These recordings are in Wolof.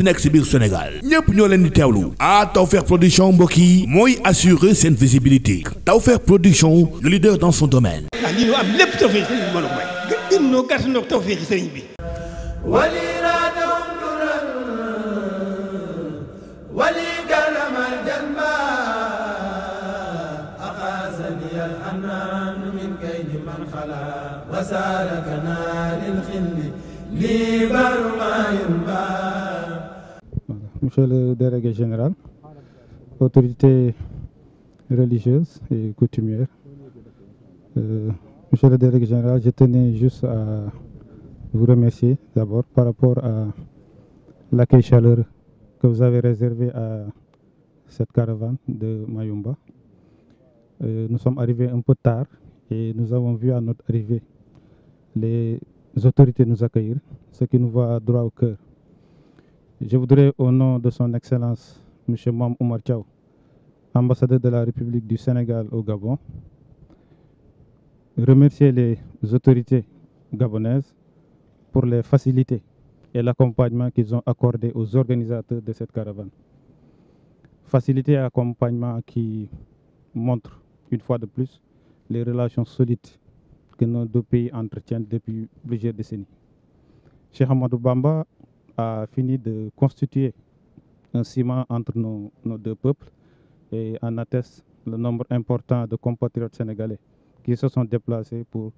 munti nekk si biir Sénégal ñépp ñoo leen di teewlu ah Tawfekh production mbokk yi mooy assurer seen visibilité Tawfekh production le leader dans son domaine. ah lii ñu am lépp Tawfekh a may. gën noo gàtt noo Tawfekh sëriñ bi. wasaare kanaa lil li lii monsieur le délégué général, autorité religieuse et coutumière. Euh, monsieur général, je tenais juste à vous remercier d'abord par rapport à l'accueil chaleureux que vous avez réservé à cette caravane de Mayumba. Euh, nous sommes arrivés un peu tard et nous avons vu à notre arrivée les autorités nous accueillir, ce qui nous va droit au cœur. Je voudrais, au nom de son Excellence, M. Mam Oumar Tchao, ambassadeur de la République du Sénégal au Gabon, remercier les autorités gabonaises pour les facilités et l'accompagnement qu'ils ont accordé aux organisateurs de cette caravane. Facilité et accompagnement qui montre une fois de plus, les relations solides que nos deux pays entretiennent depuis plusieurs décennies. Cheikh Hamadou Bamba a fini de constituer un ciment entre nos, nos deux peuples et en atteste le nombre important de compatriotes sénégalais qui se sont déplacés pour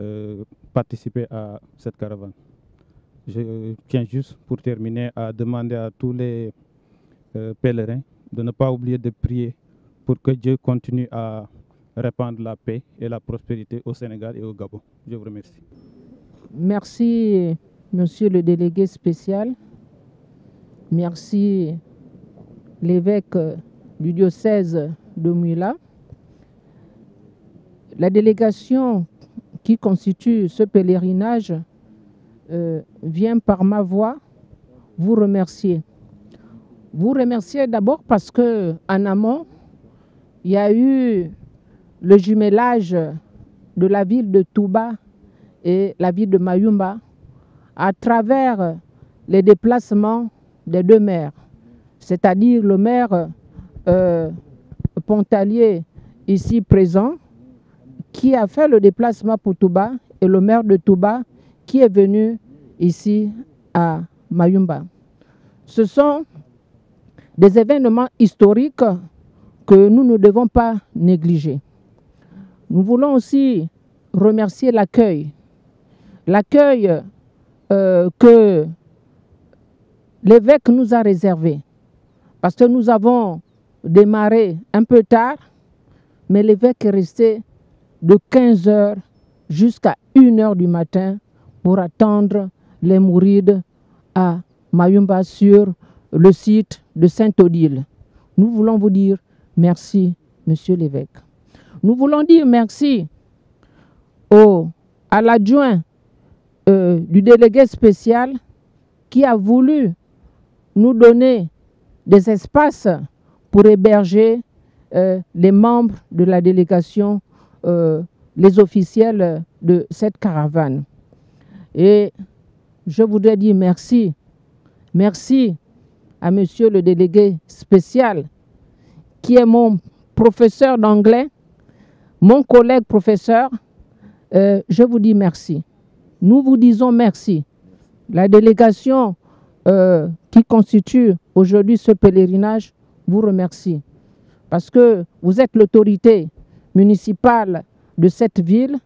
euh, participer à cette caravane. Je tiens juste pour terminer à demander à tous les euh, pèlerins de ne pas oublier de prier pour que je continue à répandre la paix et la prospérité au Sénégal et au Gabon. Monsieur le délégué spécial, merci l'évêque du diocèse de Mula. La délégation qui constitue ce pèlerinage euh, vient par ma voix vous remercier. Vous remercier d'abord parce que en amont, il y a eu le jumelage de la ville de Touba et la ville de Mayumba à travers les déplacements des deux maires, c'est-à-dire le maire euh, Pontalier ici présent, qui a fait le déplacement pour Touba, et le maire de Touba qui est venu ici à Mayumba. Ce sont des événements historiques que nous ne devons pas négliger. Nous voulons aussi remercier L'accueil euh, que l'évêque nous a réservé. Parce que nous avons démarré un peu tard, mais l'évêque est resté de 15h jusqu'à 1h du matin pour attendre les mourides à Mayumba sur le site de Saint-Odile. Nous voulons vous dire merci, monsieur l'évêque. Nous voulons dire merci au, à l'adjoint euh, du délégué spécial qui a voulu nous donner des espaces pour héberger euh, les membres de la délégation, euh, les officiels de cette caravane. Et je voudrais dire merci, merci à monsieur le délégué spécial qui est mon professeur d'anglais, mon collègue professeur. Euh, je vous dis merci. Nous vous disons merci. La délégation euh, qui constitue aujourd'hui ce pèlerinage vous remercie parce que vous êtes l'autorité municipale de cette ville.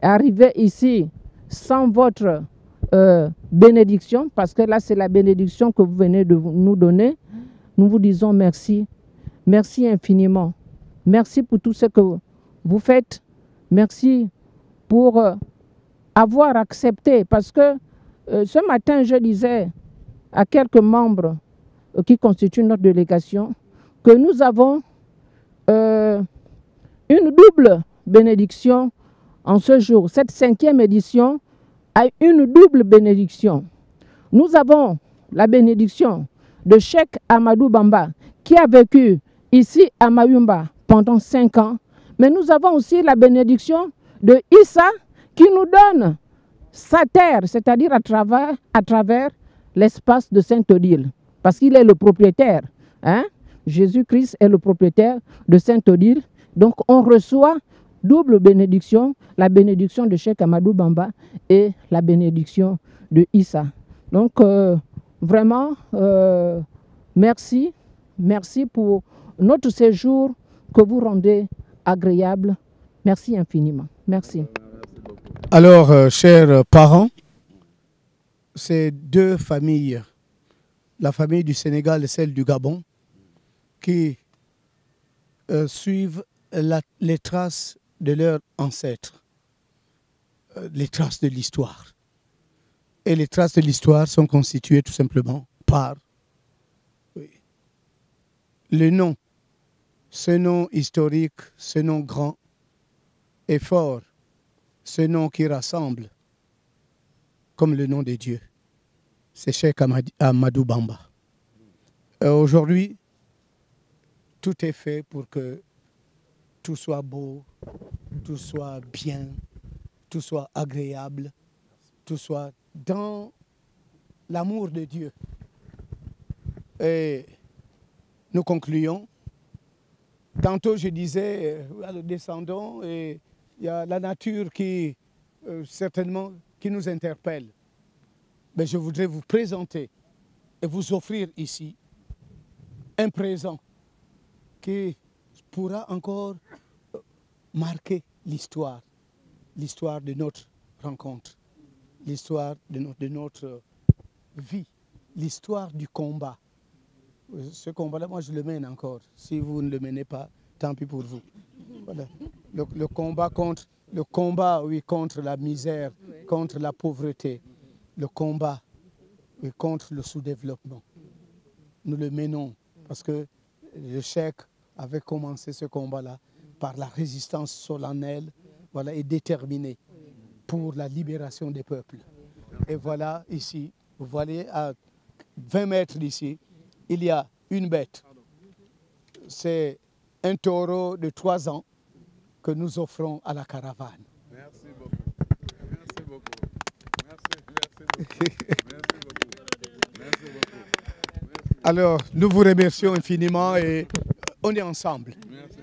Arriver ici sans votre euh, bénédiction, parce que là c'est la bénédiction que vous venez de nous donner, nous vous disons merci. Merci infiniment. Merci pour tout ce que vous faites. Merci pour... Euh, avoir accepté, parce que euh, ce matin, je disais à quelques membres euh, qui constituent notre délégation que nous avons euh, une double bénédiction en ce jour. Cette cinquième édition a une double bénédiction. Nous avons la bénédiction de Cheikh Amadou Bamba, qui a vécu ici à pendant cinq ans, mais nous avons aussi la bénédiction de Issa qui nous donne sa terre, c'est-à-dire à travers, à travers l'espace de Sainte-Odile, parce qu'il est le propriétaire. Hein? Jésus-Christ est le propriétaire de Sainte-Odile. Donc on reçoit double bénédiction, la bénédiction de Cheikh Amadou Bamba et la bénédiction de Issa. Donc euh, vraiment, euh, merci, merci pour notre séjour que vous rendez agréable. Merci infiniment. Merci. Alors, euh, chers parents, ces deux familles, la famille du Sénégal et celle du Gabon, qui euh, suivent les traces de leurs ancêtres, euh, les traces de l'histoire. Et les traces de l'histoire sont constituées tout simplement par oui, le nom, ce nom historique, ce nom grand et fort ce nom qui rassemble, comme le nom de Dieu, c'est Cheikh Ahmadou Bamba. Euh, aujourd'hui, tout est fait pour que tout soit beau, tout soit bien, tout soit agréable, tout soit dans l'amour de Dieu. Et nous concluons. Tantôt, je disais, euh, alors descendons et il y a la nature qui, euh, certainement, qui nous interpelle. Mais je voudrais vous présenter et vous offrir ici un présent qui pourra encore euh, marquer l'histoire, l'histoire de notre rencontre, l'histoire de, no de notre euh, vie, l'histoire du combat. Euh, ce combat-là, moi, je le mène encore. Si vous ne le menez pas, tant pis pour vous. Voilà. le, le combat contre le combat oui contre la misère contre la pauvreté le combat oui contre le sous-développement nous le menons parce que le Cheikh avait commencé ce combat-là par la résistance solennelle voilà et déterminée pour la libération des peuples et voilà ici vous voyez à 20 mètres d'ici il y a une bête c'est un taureau de trois ans que nous offrons à la caravane. Merci beaucoup. Alors, nous vous infiniment et on ensemble. Merci.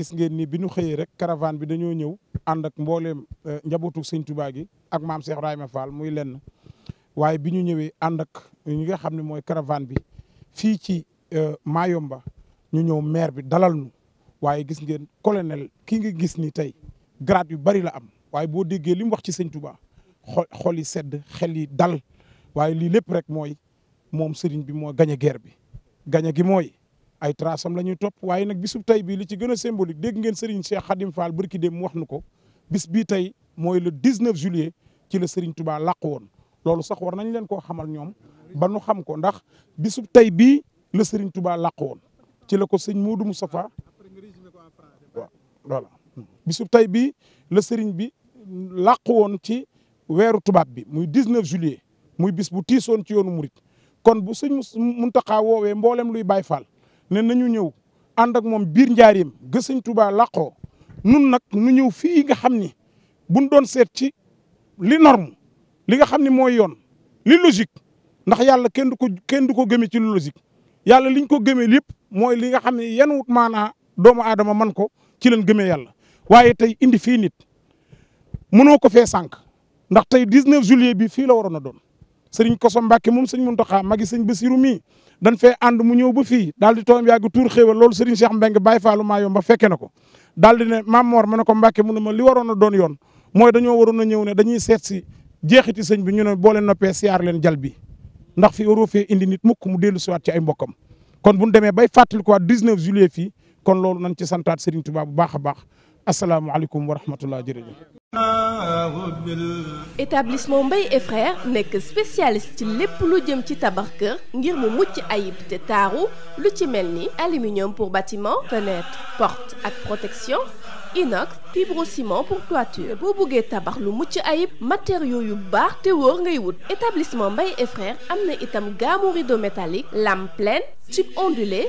gis ngeen ni bi xëyee rek caravane bi dañoo ñëw ànd ak mbooleem euh, njabootu sëñ Tuubaa gi ak maam Cheikh Ibrahima muy lenn waaye bi ñu ñëwee ànd ak ñi nga xam ne mooy caravane bi fii ci euh, Mayomba ñu ñëw maire bi dalal ñu waaye gis ngeen colonel ki nga gis ni tey grade yu bari la am waaye boo déggee li mu wax ci sëñ Touba xol xol yi sedd xel yi dal waaye lii lépp rek mooy moom sëriñ bi mooy gañe guerre bi. gañe gi mooy ay traces la ñuy topp waaye nag bisub tey bii li ci gën a symbolique dégg ngeen sëriñ Cheikh Khadim Fall barki dem mu wax nu ko bis bii tey mooy le 19 juillet ci la sëriñ Touba làqu woon loolu sax war nañ leen koo xamal ñoom ba xam ko ndax bisub tey bii la sëriñ Touba làqu woon ci la ko sëñ Modou Moustapha voilà bisub tey bii la sëriñ bi làqu woon ci weeru tubaab bi muy 19 juillet muy bis bu tiisoon ci yoonu murit kon bu sëñ Muntaxa woowee mboolem luy Baay Faal ne nañu ñëw ànd ak moom biir njaarim ga sëñ lakko làqoo nun nag nu ñëw fii nga xam ni buñ doon seet ci li norme li nga xam ni mooy yoon li logique ndax yàlla kenn du ko kenn du ko gëmee ci li logique yàlla liñ ko gëmee lépp mooy li nga xam ne yan wut maanaa doomu aadama man ko ci leen gëmee yàlla waaye tey indi fii nit mënoo ko fee sànq ndax tey 19 juillet bi fii la waroon a doon sëriñ Koso Mbacke moom sëñ Mountakha magi sëñ siru mi dan fee ànd mu ñëw ba fii daal di toom yàgg tuur xéewal loolu sëriñ Cheikh Mbengue Baye Fallou maa yomb ba fekke na ko di ne maam Mor ma ne ko Mbacke mu ne ma li waroon a doon yoon mooy dañoo waroon a ñëw ne dañuy seet si jeexiti sëñ bi ñu ne boo leen noppee siyaar leen jal bi ndax fi waroo fee indi nit mukk mu dellu siwaat ci ay mbokkam kon bu ñu demee bay fàttali ko 19 fii kon loolu nañ ci santaat Serigne Touba bu baax a baax asalaamualeykum wa rahmatullah jërëjëf. établissement mbay et nekk spécialiste ci lépp lu jëm ci tabax kër ngir mu mucc ayib te taaru lu ci mel ni aluminium pour bâtiment fenêtre porte ak protection inox fibrociment pour toiture boo bëggee tabax lu mucc ayib matériaux yu baax te wóor ngay wut établissement Mbaye et frères am na itam gaamu rideau métallique lame pleine ondulé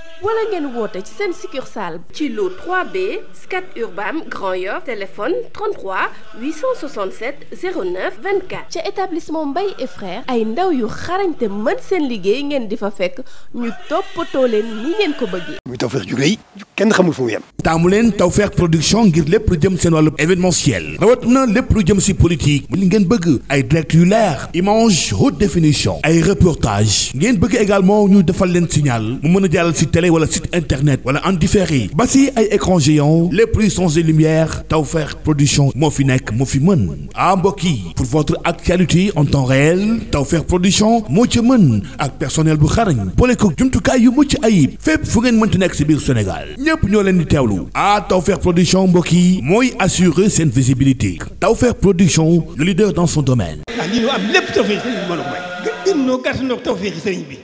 wala ngeen woote ci seen succursale ci lu 3B Scat Urbam Grand Yoff téléphone 33 867 09 24 ca établissement Mbaye et frères ay ndaw yu xarañte mën seen liggéey ngeen di fa fekk ñu toppatoo leen ni ngeen ko bëggee muy Tawfekh ju rëy kenn xamul fu mu yem taamu leen Tawfekh production ngir lépp lu jëm seen wàllu événementiel rawat na lépp lu jëm si politique li ngeen bëgg ay direct yu leer image haute définition ay reportage ngeen bëgg également ñu defal leen signal mu wala site internet wala en différé ba si ay écran géant lépp luy son et lumière Tawfekh production moo fi nekk moo fi mën ah mbokk yi pour votre actualité en temps réel Tawfekh production moo ci mën ak personnel bu xarañ boole ko jumtukaay yu mucc ayib fépp fu ngeen mënti nekk si biir Sénégal ñépp ñoo leen di teewlu ah Tawfekh production mbokk yi mooy assurer seen visibilité Tawfekh production le leader dans son domaine. ah lii ñu am lépp Tawfekh sëriñ bi